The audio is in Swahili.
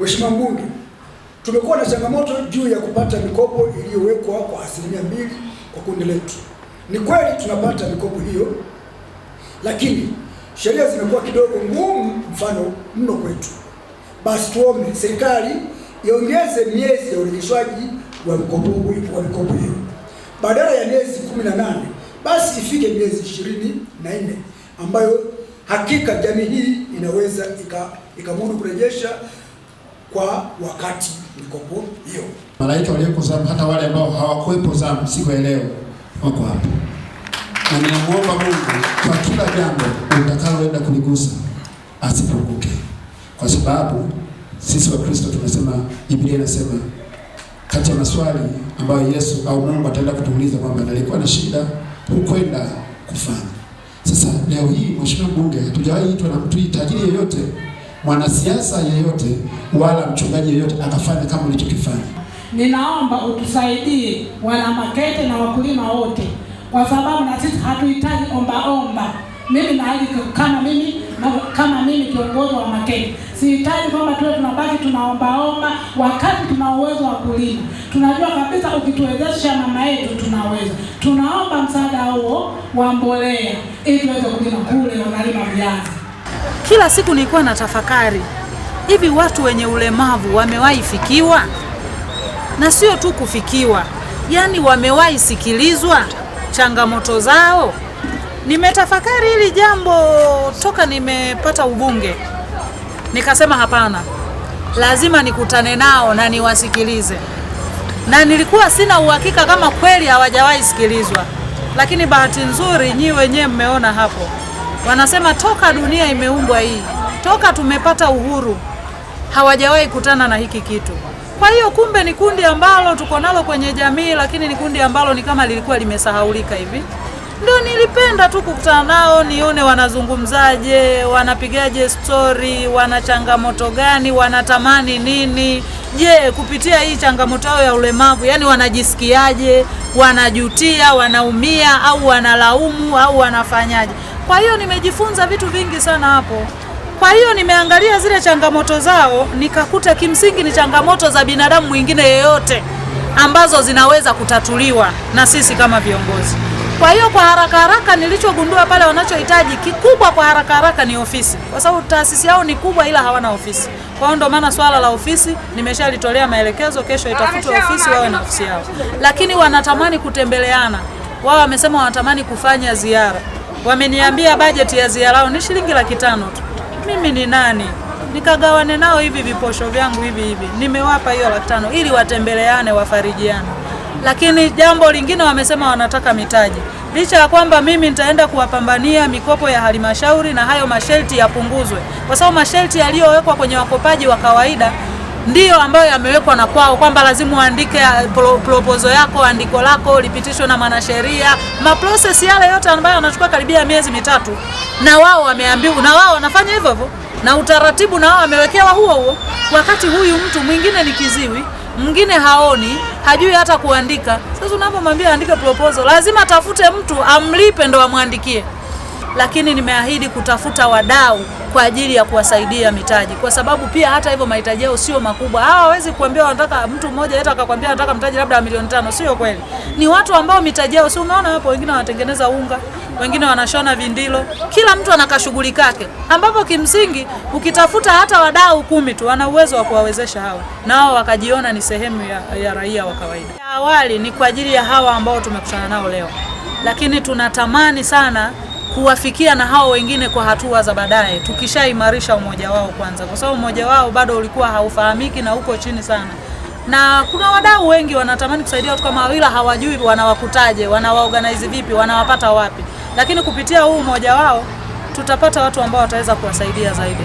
Mheshimiwa Mbunge, tumekuwa na changamoto juu ya kupata mikopo iliyowekwa kwa asilimia mbili kwa kundi letu. Ni kweli tunapata mikopo hiyo, lakini sheria zimekuwa kidogo ngumu mfano mno kwetu. Basi tuombe serikali iongeze miezi ya urejeshwaji wa mikopo wa mikopo hiyo badala ya miezi kumi na nane basi ifike miezi ishirini na nne ambayo hakika jamii hii inaweza ikamudu kurejesha kwa wakati mikopo hiyo. Malaika walioko zamu, hata wale ambao hawakuwepo zamu siku ya leo wako hapa, na ninamuomba Mungu kwa kila jambo utakaloenda kuligusa asipunguke, kwa sababu sisi Wakristo tunasema, Biblia inasema kati ya maswali ambayo Yesu au Mungu ataenda kutuuliza kwamba nalikuwa na shida hukwenda kufanya. Sasa leo hii, mheshimiwa mbunge, hatujawahi itwa na mtu tajiri yeyote mwanasiasa yeyote wala mchungaji yeyote akafanya kama ulichokifanya. Ninaomba utusaidie wana Makete na wakulima wote, kwa sababu na sisi hatuhitaji ombaomba. Mimi naahidi kama mimi kama mimi kiongozi wa Makete sihitaji kwamba tuwe tunabaki tunaombaomba, wakati tuna uwezo wa kulima. Tunajua kabisa ukituwezesha mama yetu tunaweza. Tunaomba msaada huo wa mbolea ili tuweze kulima kule, wanalima viazi kila siku nilikuwa na tafakari, hivi watu wenye ulemavu wamewahi fikiwa? Na sio tu kufikiwa, yaani wamewahi sikilizwa changamoto zao? Nimetafakari hili jambo toka nimepata ubunge, nikasema hapana, lazima nikutane nao na niwasikilize. Na nilikuwa sina uhakika kama kweli hawajawahi sikilizwa, lakini bahati nzuri nyi wenyewe mmeona hapo. Wanasema toka dunia imeumbwa hii, toka tumepata uhuru, hawajawahi kutana na hiki kitu. Kwa hiyo kumbe ni kundi ambalo tuko nalo kwenye jamii, lakini ni kundi ambalo ni kama lilikuwa limesahaulika hivi. Ndio nilipenda tu kukutana nao, nione wanazungumzaje, wanapigaje stori, wana changamoto gani, wanatamani nini. Je, kupitia hii changamoto yao ya ulemavu, yani wanajisikiaje? Wanajutia, wanaumia au wanalaumu au wanafanyaje? Kwa hiyo nimejifunza vitu vingi sana hapo. Kwa hiyo nimeangalia zile changamoto zao, nikakuta kimsingi ni changamoto za binadamu mwingine yeyote ambazo zinaweza kutatuliwa na sisi kama viongozi. Kwa hiyo kwa haraka haraka nilichogundua pale, wanachohitaji kikubwa kwa haraka haraka ni ofisi, kwa sababu taasisi yao ni kubwa, ila hawana ofisi. Kwa hiyo ndio maana swala la ofisi nimeshalitolea maelekezo, kesho itafutwa ofisi, wawe na ofisi yao. Lakini wanatamani kutembeleana, wao wamesema wanatamani kufanya ziara. Wameniambia bajeti ya ziarao ni shilingi laki tano tu. Mimi ni nani nikagawane nao hivi viposho vyangu hivi hivi? Nimewapa hiyo laki tano ili watembeleane, wafarijiane. Lakini jambo lingine wamesema wanataka mitaji, licha ya kwamba mimi nitaenda kuwapambania mikopo ya halmashauri na hayo masharti yapunguzwe, kwa sababu masharti yaliyowekwa kwenye wakopaji wa kawaida ndiyo ambayo yamewekwa na kwao kwamba lazima uandike uh, proposal yako andiko lako lipitishwe na mwanasheria, maprocess yale yote ambayo yanachukua karibia miezi mitatu, na wao wameambiwa, na wao wanafanya hivyo hivyo, na utaratibu na wao wamewekewa huo huo, wakati huyu mtu mwingine ni kiziwi, mwingine haoni, hajui hata kuandika. Sasa unapomwambia andike proposal, lazima atafute mtu amlipe ndo amwandikie lakini nimeahidi kutafuta wadau kwa ajili ya kuwasaidia mitaji, kwa sababu pia hata hivyo mahitaji yao sio makubwa. Hawa hawezi kuambia wanataka mtu mmoja hata akakwambia anataka mtaji labda milioni tano, sio kweli. Ni watu ambao mitaji yao si, umeona hapo, wengine wanatengeneza unga, wengine wanashona vindilo, kila mtu anakashughuli kake, ambapo kimsingi ukitafuta hata wadau kumi tu wana uwezo wa kuwawezesha hawa nao wakajiona ni sehemu ya, ya raia wa kawaida. Awali ni kwa ajili ya hawa ambao tumekutana nao leo, lakini tunatamani sana kuwafikia na hao wengine kwa hatua za baadaye, tukishaimarisha umoja wao kwanza, kwa sababu umoja wao bado ulikuwa haufahamiki na uko chini sana, na kuna wadau wengi wanatamani kusaidia watu kama Wila, hawajui wanawakutaje, wanawaorganize vipi, wanawapata wapi, lakini kupitia huu umoja wao tutapata watu ambao wataweza kuwasaidia zaidi.